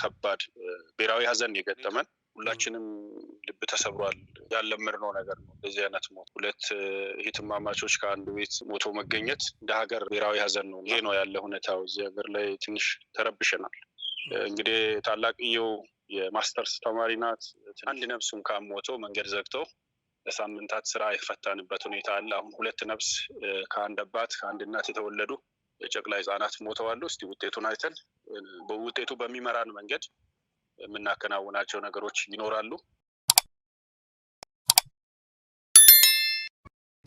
ከባድ ብሔራዊ ሀዘን የገጠመን ሁላችንም ልብ ተሰብሯል። ያለመድነው ነገር ነው እንደዚህ አይነት ሞት። ሁለት እህትማማቾች ከአንድ ቤት ሞቶ መገኘት እንደ ሀገር ብሔራዊ ሀዘን ነው። ይሄ ነው ያለ ሁኔታው። እዚህ ሀገር ላይ ትንሽ ተረብሸናል። እንግዲህ ታላቅየው የማስተርስ ተማሪ ናት። አንድ ነፍስ እንኳን ሞቶ መንገድ ዘግቶ ለሳምንታት ስራ የፈታንበት ሁኔታ አለ። አሁን ሁለት ነፍስ ከአንድ አባት ከአንድ እናት የተወለዱ የጨቅላ ህጻናት ሞተዋሉ። እስቲ ውጤቱን አይተን በውጤቱ በሚመራን መንገድ የምናከናውናቸው ነገሮች ይኖራሉ።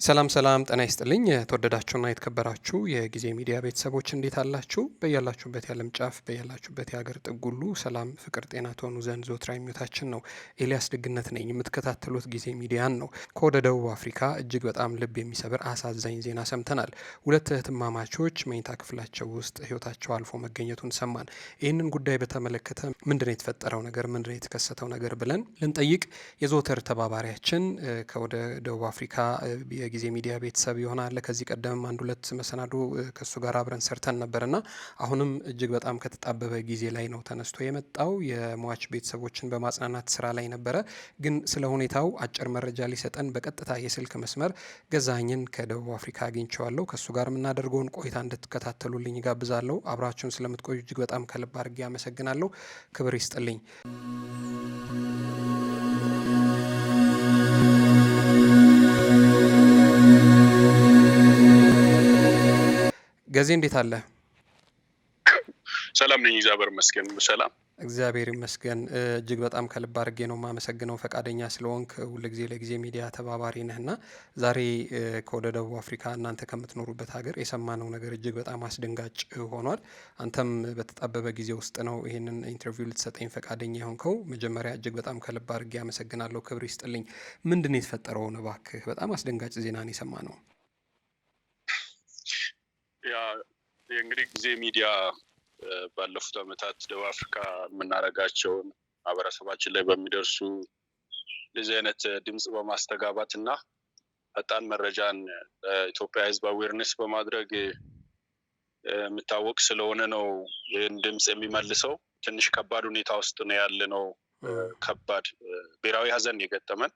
ሰላም ሰላም፣ ጤና ይስጥልኝ የተወደዳችሁና የተከበራችሁ የጊዜ ሚዲያ ቤተሰቦች እንዴት አላችሁ? በያላችሁበት የዓለም ጫፍ በያላችሁበት የሀገር ጥግ ሁሉ ሰላም፣ ፍቅር፣ ጤና ትሆኑ ዘንድ ዘወትር ምኞታችን ነው። ኤልያስ ደግነት ነኝ። የምትከታተሉት ጊዜ ሚዲያን ነው። ከወደ ደቡብ አፍሪካ እጅግ በጣም ልብ የሚሰብር አሳዛኝ ዜና ሰምተናል። ሁለት እህትማማቾች መኝታ ክፍላቸው ውስጥ ህይወታቸው አልፎ መገኘቱን ሰማን። ይህንን ጉዳይ በተመለከተ ምንድነው የተፈጠረው ነገር ምንድነው የተከሰተው ነገር ብለን ልንጠይቅ የዘወትር ተባባሪያችን ከወደ ደቡብ አፍሪካ የጊዜ ሚዲያ ቤተሰብ ይሆናል። ከዚህ ቀደምም አንድ ሁለት መሰናዶ ከእሱ ጋር አብረን ሰርተን ነበር አሁንም እጅግ በጣም ከተጣበበ ጊዜ ላይ ነው ተነስቶ የመጣው። የሟች ቤተሰቦችን በማጽናናት ስራ ላይ ነበረ። ግን ስለ ሁኔታው አጭር መረጃ ሊሰጠን በቀጥታ የስልክ መስመር ገዛኸኝን ከደቡብ አፍሪካ አግኝቸዋለሁ። ከእሱ ጋር የምናደርገውን ቆይታ እንድትከታተሉልኝ ጋብዛለሁ። አብራችሁን ስለምትቆዩ እጅግ በጣም ከልብ አድርጌ አመሰግናለሁ። ክብር ይስጥልኝ። ገዜ እንዴት አለ? ሰላም ነኝ፣ እግዚአብሔር ይመስገን። ሰላም እግዚአብሔር ይመስገን። እጅግ በጣም ከልብ አድርጌ ነው የማመሰግነው ፈቃደኛ ስለሆንክ። ሁልጊዜ ለጊዜ ሚዲያ ተባባሪ ነህና ዛሬ ከወደ ደቡብ አፍሪካ እናንተ ከምትኖሩበት ሀገር የሰማነው ነገር እጅግ በጣም አስደንጋጭ ሆኗል። አንተም በተጣበበ ጊዜ ውስጥ ነው ይህንን ኢንተርቪው ልትሰጠኝ ፈቃደኛ የሆንከው። መጀመሪያ እጅግ በጣም ከልብ አድርጌ አመሰግናለሁ። ክብር ይስጥልኝ። ምንድን ነው እባክህ? በጣም አስደንጋጭ ዜናን የሰማነው ያ የእንግዲህ ጊዜ ሚዲያ ባለፉት ዓመታት ደቡብ አፍሪካ የምናደርጋቸውን ማህበረሰባችን ላይ በሚደርሱ እንደዚህ አይነት ድምፅ በማስተጋባት እና ፈጣን መረጃን ለኢትዮጵያ ህዝብ አዌርነስ በማድረግ የሚታወቅ ስለሆነ ነው ይህን ድምፅ የሚመልሰው። ትንሽ ከባድ ሁኔታ ውስጥ ነው ያለ ነው። ከባድ ብሔራዊ ሀዘን የገጠመን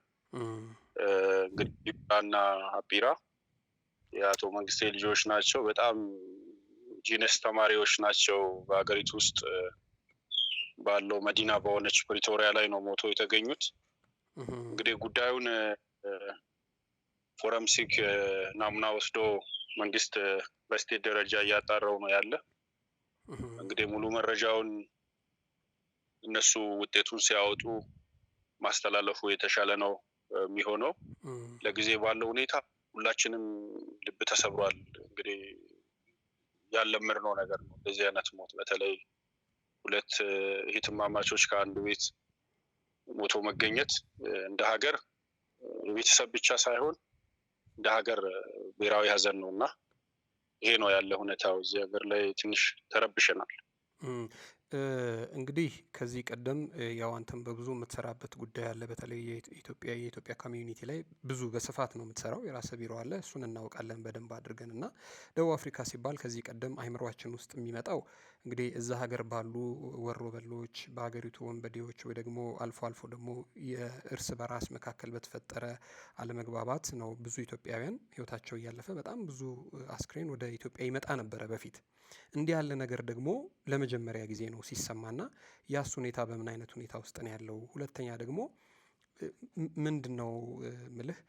እንግዲህ ቢራና አቢራ የአቶ መንግስቴ ልጆች ናቸው። በጣም ጂነስ ተማሪዎች ናቸው። በሀገሪቱ ውስጥ ባለው መዲና በሆነች ፕሪቶሪያ ላይ ነው ሞቶ የተገኙት። እንግዲህ ጉዳዩን ፎረምሲክ ናሙና ወስዶ መንግስት በስቴት ደረጃ እያጣራው ነው ያለ። እንግዲህ ሙሉ መረጃውን እነሱ ውጤቱን ሲያወጡ ማስተላለፉ የተሻለ ነው የሚሆነው። ለጊዜ ባለው ሁኔታ ሁላችንም ልብ ተሰብሯል። እንግዲህ ያለመድነው ነገር ነው እንደዚህ አይነት ሞት። በተለይ ሁለት እህትማማቾች ከአንድ ቤት ሞቶ መገኘት እንደ ሀገር የቤተሰብ ብቻ ሳይሆን እንደ ሀገር ብሔራዊ ሀዘን ነው እና ይሄ ነው ያለ ሁኔታው። እዚህ ሀገር ላይ ትንሽ ተረብሸናል። እንግዲህ ከዚህ ቀደም ያው አንተም በብዙ የምትሰራበት ጉዳይ አለ በተለይ የኢትዮጵያ የኢትዮጵያ ኮሚዩኒቲ ላይ ብዙ በስፋት ነው የምትሰራው የራስህ ቢሮ አለ እሱን እናውቃለን በደንብ አድርገን እና ደቡብ አፍሪካ ሲባል ከዚህ ቀደም አይምሯችን ውስጥ የሚመጣው እንግዲህ እዛ ሀገር ባሉ ወሮ በሎች በሀገሪቱ ወንበዴዎች ወይ ደግሞ አልፎ አልፎ ደግሞ የእርስ በራስ መካከል በተፈጠረ አለመግባባት ነው ብዙ ኢትዮጵያውያን ህይወታቸው እያለፈ በጣም ብዙ አስክሬን ወደ ኢትዮጵያ ይመጣ ነበረ በፊት እንዲህ ያለ ነገር ደግሞ ለመጀመሪያ ጊዜ ነው ነው ሲሰማና ያሱ ሁኔታ በምን አይነት ሁኔታ ውስጥ ነው ያለው? ሁለተኛ ደግሞ ምንድን ነው ምልህ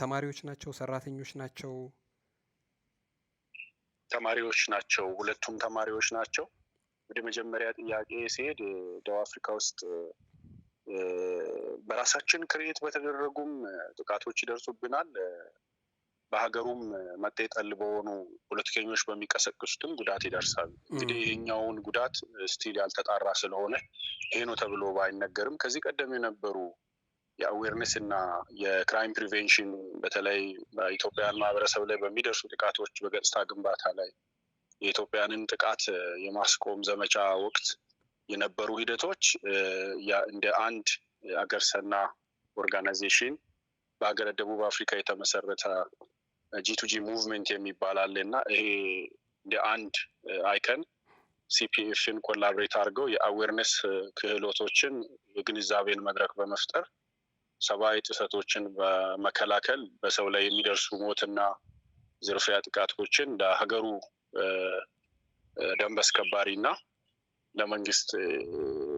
ተማሪዎች ናቸው? ሰራተኞች ናቸው? ተማሪዎች ናቸው። ሁለቱም ተማሪዎች ናቸው። ወደ መጀመሪያ ጥያቄ ሲሄድ ደቡብ አፍሪካ ውስጥ በራሳችን ክሬት በተደረጉም ጥቃቶች ይደርሱብናል። በሀገሩም መጤ በሆኑ ፖለቲከኞች በሚቀሰቅሱትም ጉዳት ይደርሳል። እንግዲህ ይህኛውን ጉዳት ስቲል ያልተጣራ ስለሆነ ይሄ ነው ተብሎ ባይነገርም ከዚህ ቀደም የነበሩ የአዌርነስ እና የክራይም ፕሪቬንሽን በተለይ በኢትዮጵያን ማህበረሰብ ላይ በሚደርሱ ጥቃቶች በገጽታ ግንባታ ላይ የኢትዮጵያንን ጥቃት የማስቆም ዘመቻ ወቅት የነበሩ ሂደቶች እንደ አንድ አገር ሰና ኦርጋናይዜሽን በሀገረ ደቡብ አፍሪካ የተመሰረተ ጂቱጂ ሙቭመንት የሚባል አለ እና ይሄ እንደ አንድ አይከን ሲፒኤፍን ኮላብሬት አድርገው የአዌርነስ ክህሎቶችን የግንዛቤን መድረክ በመፍጠር ሰብአዊ ጥሰቶችን በመከላከል በሰው ላይ የሚደርሱ ሞትና ዝርፊያ ጥቃቶችን ለሀገሩ ደንብ አስከባሪ እና ለመንግስት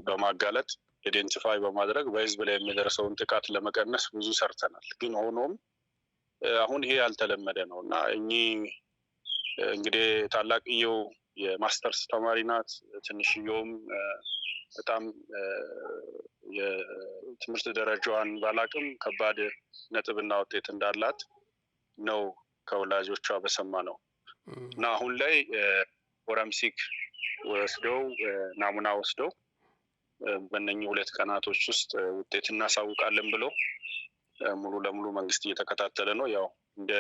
በማጋለጥ ኢዴንቲፋይ በማድረግ በህዝብ ላይ የሚደርሰውን ጥቃት ለመቀነስ ብዙ ሰርተናል። ግን ሆኖም አሁን ይሄ ያልተለመደ ነው እና እኚህ እንግዲህ ታላቅየው የማስተርስ ተማሪ ናት። ትንሽየውም በጣም የትምህርት ደረጃዋን ባላቅም ከባድ ነጥብና ውጤት እንዳላት ነው ከወላጆቿ በሰማ ነው እና አሁን ላይ ወረምሲክ ወስደው ናሙና ወስደው በነኚህ ሁለት ቀናቶች ውስጥ ውጤት እናሳውቃለን ብለው ሙሉ ለሙሉ መንግስት እየተከታተለ ነው። ያው እንደ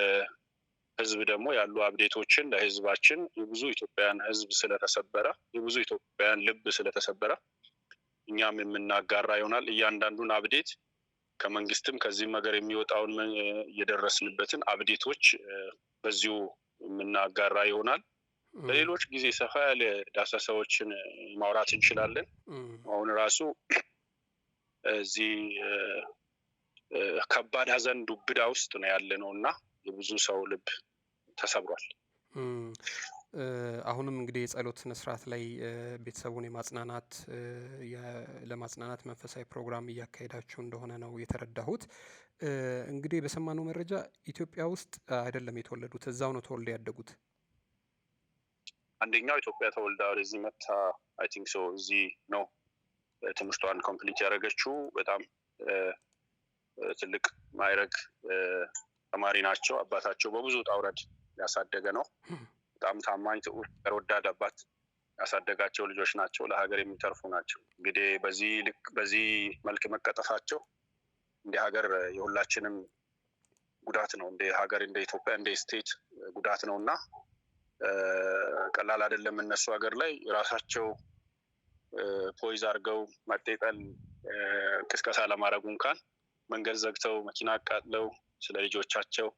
ህዝብ ደግሞ ያሉ አብዴቶችን ለህዝባችን የብዙ ኢትዮጵያውያን ህዝብ ስለተሰበረ የብዙ ኢትዮጵያውያን ልብ ስለተሰበረ እኛም የምናጋራ ይሆናል። እያንዳንዱን አብዴት ከመንግስትም ከዚህም ሀገር የሚወጣውን የደረስንበትን አብዴቶች በዚሁ የምናጋራ ይሆናል። በሌሎች ጊዜ ሰፋ ያለ ዳሰሳዎችን ማውራት እንችላለን። አሁን ራሱ እዚህ ከባድ ሀዘን ዱብዳ ውስጥ ነው ያለ ነው እና የብዙ ሰው ልብ ተሰብሯል። አሁንም እንግዲህ የጸሎት ስነስርዓት ላይ ቤተሰቡን የማጽናናት ለማጽናናት መንፈሳዊ ፕሮግራም እያካሄዳችሁ እንደሆነ ነው የተረዳሁት። እንግዲህ በሰማነው መረጃ ኢትዮጵያ ውስጥ አይደለም የተወለዱት፣ እዛው ነው ተወልደ ያደጉት። አንደኛው ኢትዮጵያ ተወልዳ ወደዚህ መታ አይ ቲንክ ሶ እዚህ ነው ትምህርቷን ኮምፕሊት ያደረገችው በጣም ትልቅ ማይረግ ተማሪ ናቸው። አባታቸው በብዙ ጣውረድ ያሳደገ ነው። በጣም ታማኝ ትዑር ወዳድ አባት ያሳደጋቸው ልጆች ናቸው። ለሀገር የሚተርፉ ናቸው። እንግዲህ በዚህ ልክ በዚህ መልክ መቀጠፋቸው እንደ ሀገር የሁላችንም ጉዳት ነው። እንደ ሀገር፣ እንደ ኢትዮጵያ፣ እንደ ስቴት ጉዳት ነው እና ቀላል አይደለም። እነሱ ሀገር ላይ ራሳቸው ፖይዝ አድርገው መጤጠል ቅስቀሳ ለማድረጉ እንኳን መንገድ ዘግተው መኪና አቃጥለው ስለ ልጆቻቸው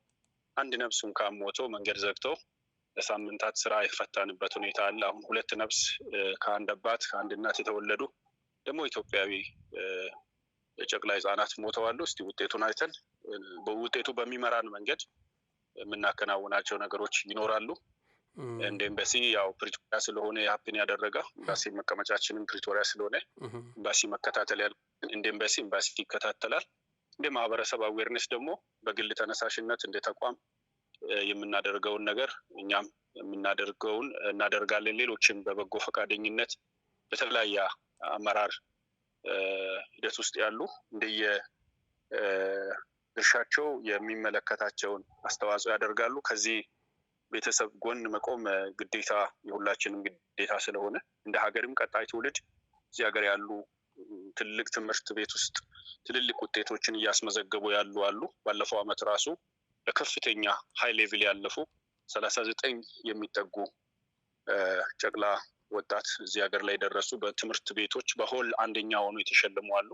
አንድ ነፍስ እንኳን ሞቶ መንገድ ዘግተው ለሳምንታት ስራ የፈታንበት ሁኔታ አለ። አሁን ሁለት ነፍስ ከአንድ አባት ከአንድ እናት የተወለዱ ደግሞ ኢትዮጵያዊ የጨቅላ ህጻናት ሞተዋሉ። እስቲ ውጤቱን አይተን ውጤቱ በሚመራን መንገድ የምናከናውናቸው ነገሮች ይኖራሉ። እንደ ኤምባሲ ያው ፕሪቶሪያ ስለሆነ ሀፕን ያደረገ ኤምባሲ መቀመጫችንም ፕሪቶሪያ ስለሆነ ኤምባሲ መከታተል ያል እንደ ኤምባሲ ኤምባሲ ይከታተላል። እንደ ማህበረሰብ አዌርነስ ደግሞ በግል ተነሳሽነት እንደ ተቋም የምናደርገውን ነገር እኛም የምናደርገውን እናደርጋለን። ሌሎችም በበጎ ፈቃደኝነት በተለያየ አመራር ሂደት ውስጥ ያሉ እንደየ ድርሻቸው የሚመለከታቸውን አስተዋጽኦ ያደርጋሉ። ከዚህ ቤተሰብ ጎን መቆም ግዴታ የሁላችንም ግዴታ ስለሆነ እንደ ሀገርም ቀጣይ ትውልድ እዚህ ሀገር ያሉ ትልቅ ትምህርት ቤት ውስጥ ትልልቅ ውጤቶችን እያስመዘገቡ ያሉ አሉ። ባለፈው ዓመት ራሱ በከፍተኛ ሀይ ሌቭል ያለፉ ሰላሳ ዘጠኝ የሚጠጉ ጨቅላ ወጣት እዚህ ሀገር ላይ ደረሱ። በትምህርት ቤቶች በሆል አንደኛ ሆኑ የተሸለሙ አሉ።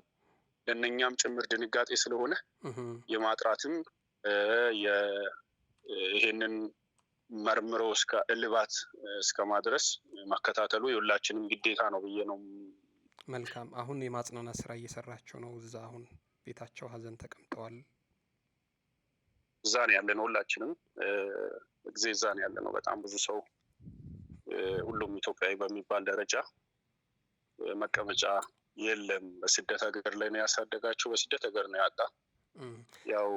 ለእነኛም ጭምር ድንጋጤ ስለሆነ የማጥራትም ይሄንን መርምሮ እስከ እልባት እስከ ማድረስ ማከታተሉ የሁላችንም ግዴታ ነው ብዬ ነው መልካም። አሁን የማጽናናት ስራ እየሰራቸው ነው። እዛ አሁን ቤታቸው ሀዘን ተቀምጠዋል። እዛ ነው ያለ ነው። ሁላችንም ጊዜ እዛ ነው ያለ ነው። በጣም ብዙ ሰው ሁሉም ኢትዮጵያዊ በሚባል ደረጃ መቀመጫ የለም። በስደት ሀገር ላይ ነው ያሳደጋቸው፣ በስደት ሀገር ነው ያጣ። ያው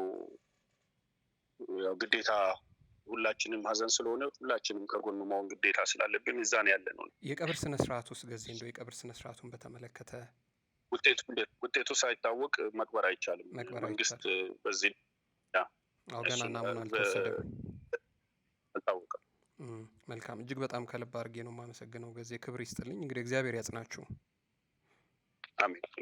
ያው ግዴታ ሁላችንም ሀዘን ስለሆነ ሁላችንም ከጎኑ መሆን ግዴታ ስላለብን እዛ ነው ያለ ነው። የቀብር ስነስርዓት ውስጥ ገዜ እንደው የቀብር ስነስርዓቱን በተመለከተ ውጤቱ ሳይታወቅ መቅበር አይቻልም። መንግስት በዚህ ገና ናሙና አልተወሰደም፣ መልካም እጅግ በጣም ከልብ አድርጌ ነው የማመሰግነው። ገዜ ክብር ይስጥልኝ። እንግዲህ እግዚአብሔር ያጽናችሁ። አሜን።